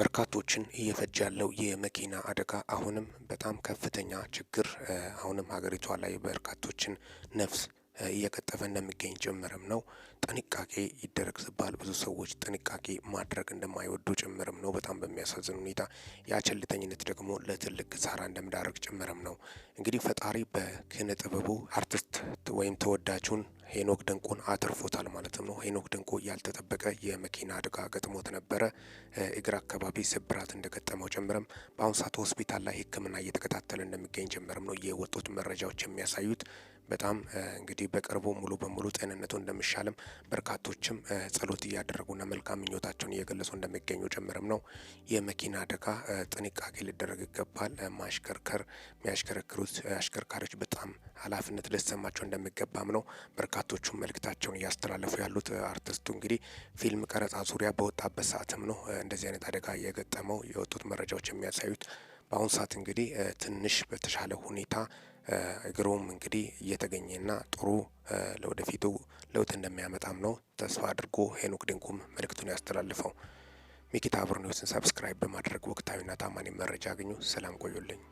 በርካቶችን እየፈጀ ያለው የመኪና አደጋ አሁንም በጣም ከፍተኛ ችግር አሁንም ሀገሪቷ ላይ በርካቶችን ነፍስ እየቀጠፈ እንደሚገኝ ጭምርም ነው። ጥንቃቄ ይደረግ ሲባል ብዙ ሰዎች ጥንቃቄ ማድረግ እንደማይወዱ ጭምርም ነው። በጣም በሚያሳዝን ሁኔታ የአቸልተኝነት ደግሞ ለትልቅ ኪሳራ እንደሚዳርግ ጭምርም ነው። እንግዲህ ፈጣሪ በኪነ ጥበቡ አርቲስት ወይም ተወዳጁን ሄኖክ ድንቁን አትርፎታል ማለትም ነው። ሄኖክ ድንቁ ያልተጠበቀ የመኪና አደጋ ገጥሞት ነበረ። እግር አካባቢ ስብራት እንደገጠመው ጭምርም በአሁኑ ሰዓት ሆስፒታል ላይ ሕክምና እየተከታተለ እንደሚገኝ ጭምርም ነው የወጡት መረጃዎች የሚያሳዩት። በጣም እንግዲህ በቅርቡ ሙሉ በሙሉ ጤንነቱ እንደሚሻልም በርካቶችም ጸሎት እያደረጉና መልካም ምኞታቸውን እየገለጹ እንደሚገኙ ጭምርም ነው። የመኪና አደጋ ጥንቃቄ ሊደረግ ይገባል። ማሽከርከር የሚያሽከረክሩት አሽከርካሪዎች በጣም ኃላፊነት ሊሰማቸው እንደሚገባም ነው በርካቶቹ መልእክታቸውን እያስተላለፉ ያሉት። አርቲስቱ እንግዲህ ፊልም ቀረጻ ዙሪያ በወጣበት ሰዓትም ነው እንደዚህ አይነት አደጋ እየገጠመው የወጡት መረጃዎች የሚያሳዩት። በአሁኑ ሰዓት እንግዲህ ትንሽ በተሻለ ሁኔታ እግሩም እንግዲህ እየተገኘና ጥሩ ለወደፊቱ ለውጥ እንደሚያመጣም ነው ተስፋ አድርጎ ሄኖክ ድንቁም መልእክቱን ያስተላልፈው። ሚኪታ ብሩኒውስን ሰብስክራይብ በማድረግ ወቅታዊና ታማኒ መረጃ አግኙ። ሰላም ቆዩልኝ።